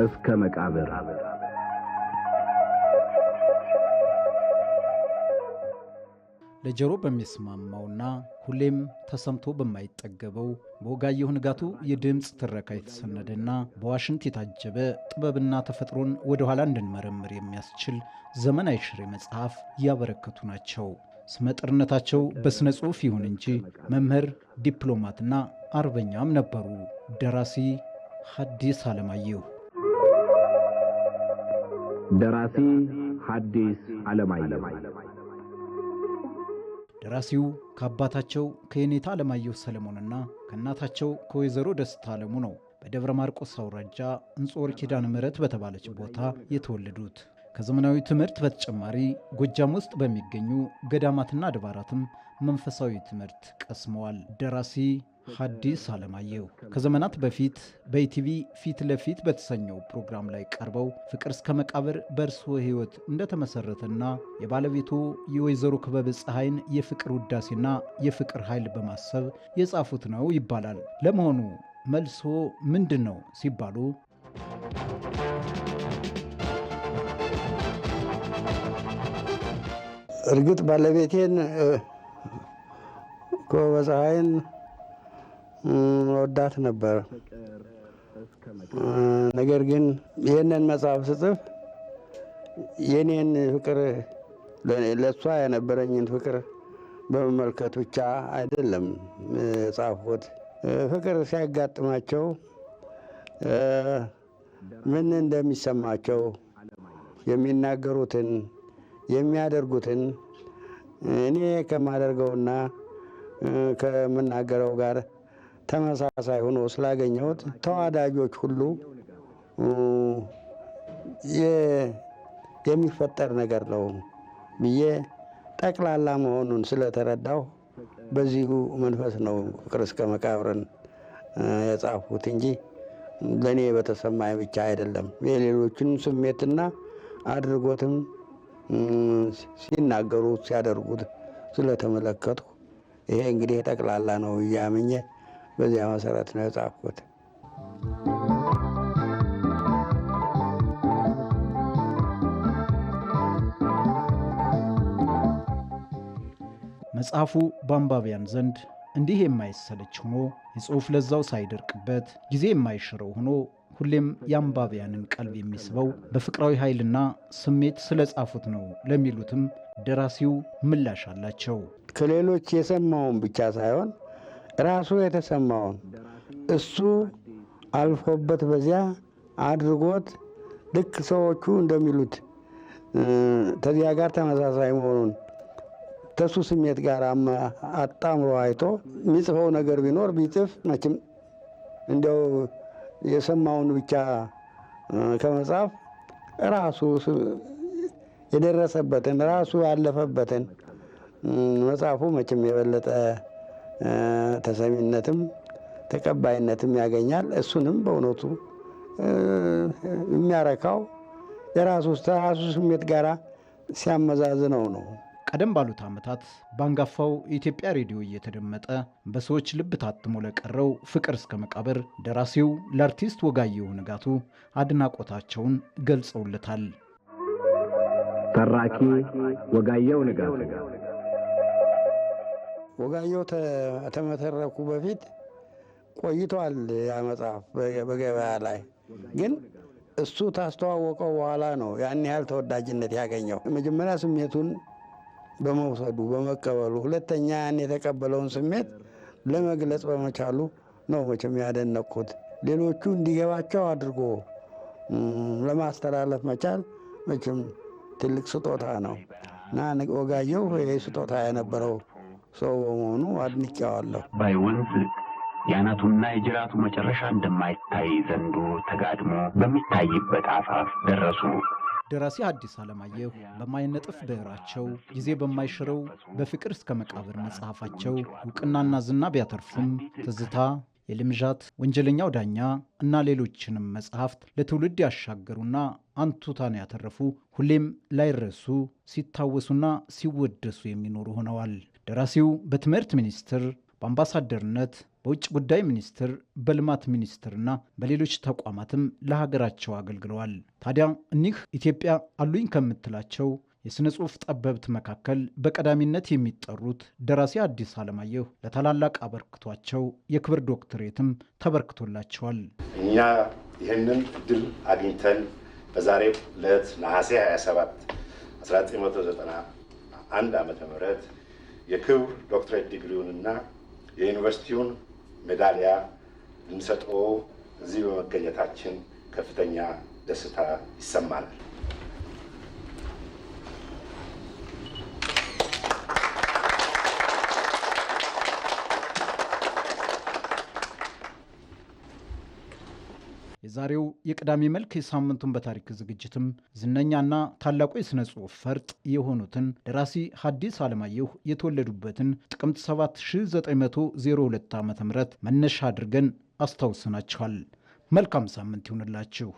እስከ መቃብር ለጆሮ በሚስማማውና ሁሌም ተሰምቶ በማይጠገበው በወጋየሁ ንጋቱ የድምፅ ትረካ የተሰነደና በዋሽንት የታጀበ ጥበብና ተፈጥሮን ወደኋላ እንድንመረምር የሚያስችል ዘመን አይሽሬ መጽሐፍ ያበረከቱ ናቸው። ስመጥርነታቸው በሥነ ጽሑፍ ይሁን እንጂ መምህር፣ ዲፕሎማትና አርበኛም ነበሩ። ደራሲ ሐዲስ ዓለማየሁ ደራሲ ሐዲስ ዓለማየሁ። ደራሲው ከአባታቸው ከየኔታ ዓለማየሁ ሰለሞንና ከእናታቸው ከወይዘሮ ደስታ ዓለሙ ነው። በደብረ ማርቆስ አውራጃ እንጾር ኪዳን ምረት በተባለች ቦታ የተወለዱት። ከዘመናዊ ትምህርት በተጨማሪ ጎጃም ውስጥ በሚገኙ ገዳማትና አድባራትም መንፈሳዊ ትምህርት ቀስመዋል። ደራሲ ሐዲስ አለማየሁ ከዘመናት በፊት በኢቲቪ ፊት ለፊት በተሰኘው ፕሮግራም ላይ ቀርበው ፍቅር እስከ መቃብር በእርስዎ ሕይወት እንደተመሠረተና የባለቤቱ የወይዘሮ ክበብ ፀሐይን የፍቅር ውዳሴና የፍቅር ኃይል በማሰብ የጻፉት ነው ይባላል። ለመሆኑ መልሶ ምንድን ነው ሲባሉ እርግጥ ባለቤቴን ከወፀሐይን ወዳት ነበር። ነገር ግን ይህንን መጽሐፍ ስጽፍ የኔን ፍቅር ለእሷ የነበረኝን ፍቅር በመመልከት ብቻ አይደለም ጻፍኩት። ፍቅር ሲያጋጥማቸው ምን እንደሚሰማቸው የሚናገሩትን፣ የሚያደርጉትን እኔ ከማደርገውና ከምናገረው ጋር ተመሳሳይ ሆኖ ስላገኘሁት ተዋዳጆች ሁሉ የሚፈጠር ነገር ነው ብዬ ጠቅላላ መሆኑን ስለተረዳሁ በዚሁ መንፈስ ነው ፍቅር እስከ መቃብርን የጻፉት እንጂ ለእኔ በተሰማኝ ብቻ አይደለም። የሌሎችን ስሜትና አድርጎትም ሲናገሩት ሲያደርጉት ስለተመለከቱ ይሄ እንግዲህ ጠቅላላ ነው እያምኜ በዚያ መሰረት ነው የጻፍኩት። መጽሐፉ በአንባቢያን ዘንድ እንዲህ የማይሰለች ሆኖ የጽሑፍ ለዛው ሳይደርቅበት ጊዜ የማይሽረው ሆኖ ሁሌም የአንባቢያንን ቀልብ የሚስበው በፍቅራዊ ኃይልና ስሜት ስለጻፉት ነው ለሚሉትም ደራሲው ምላሽ አላቸው። ከሌሎች የሰማውን ብቻ ሳይሆን ራሱ የተሰማውን እሱ አልፎበት በዚያ አድርጎት ልክ ሰዎቹ እንደሚሉት ከዚያ ጋር ተመሳሳይ መሆኑን ከሱ ስሜት ጋር አጣምሮ አይቶ የሚጽፈው ነገር ቢኖር ቢጽፍ መቼም እንዲያው የሰማውን ብቻ ከመጻፍ ራሱ የደረሰበትን ራሱ ያለፈበትን መጽሐፉ መቼም የበለጠ ተሰሚነትም ተቀባይነትም ያገኛል። እሱንም በእውነቱ የሚያረካው የራሱ ራሱ ስሜት ጋር ሲያመዛዝነው ነው። ቀደም ባሉት ዓመታት በአንጋፋው የኢትዮጵያ ሬዲዮ እየተደመጠ በሰዎች ልብ ታትሞ ለቀረው ፍቅር እስከ መቃብር ደራሲው ለአርቲስት ወጋየሁ ንጋቱ አድናቆታቸውን ገልጸውለታል። ተራኪ ወጋየሁ ንጋቱ ወጋየሁ ተመተረኩ በፊት ቆይቷል። ያ መጽሐፍ በገበያ ላይ ግን እሱ ታስተዋወቀው በኋላ ነው ያን ያህል ተወዳጅነት ያገኘው። መጀመሪያ ስሜቱን በመውሰዱ በመቀበሉ፣ ሁለተኛ ያን የተቀበለውን ስሜት ለመግለጽ በመቻሉ ነው መቼም ያደነቅኩት። ሌሎቹ እንዲገባቸው አድርጎ ለማስተላለፍ መቻል መቼም ትልቅ ስጦታ ነው እና ወጋየሁ ይህ ስጦታ የነበረው ሰው በመሆኑ አድንቄዋለሁ። ወንዝ የአናቱና የጅራቱ መጨረሻ እንደማይታይ ዘንዶ ተጋድሞ በሚታይበት አፋፍ ደረሱ። ደራሲ ሐዲስ ዓለማየሁ በማይነጥፍ ብዕራቸው ጊዜ በማይሽረው በፍቅር እስከ መቃብር መጽሐፋቸው እውቅናና ዝና ቢያተርፉም ትዝታ፣ የልምዣት፣ ወንጀለኛው ዳኛ እና ሌሎችንም መጽሐፍት ለትውልድ ያሻገሩና አንቱታን ያተረፉ ሁሌም ላይረሱ ሲታወሱና ሲወደሱ የሚኖሩ ሆነዋል። ደራሲው በትምህርት ሚኒስቴር፣ በአምባሳደርነት፣ በውጭ ጉዳይ ሚኒስቴር፣ በልማት ሚኒስትርና በሌሎች ተቋማትም ለሀገራቸው አገልግለዋል። ታዲያ እኒህ ኢትዮጵያ አሉኝ ከምትላቸው የሥነ ጽሑፍ ጠበብት መካከል በቀዳሚነት የሚጠሩት ደራሲ አዲስ አለማየሁ ለታላላቅ አበርክቷቸው የክብር ዶክትሬትም ተበርክቶላቸዋል። እኛ ይህንን እድል አግኝተን በዛሬው ዕለት ነሐሴ 27 1991 ዓ ም የክብር ዶክትሬት ዲግሪውንና የዩኒቨርሲቲውን ሜዳሊያ ልንሰጠው እዚህ በመገኘታችን ከፍተኛ ደስታ ይሰማናል። የዛሬው የቅዳሜ መልክ የሳምንቱን በታሪክ ዝግጅትም ዝነኛና ታላቁ የሥነ ጽሑፍ ፈርጥ የሆኑትን ደራሲ ሐዲስ ዓለማየሁ የተወለዱበትን ጥቅምት 7 1902 ዓ ም መነሻ አድርገን አስታውስናችኋል መልካም ሳምንት ይሁንላችሁ።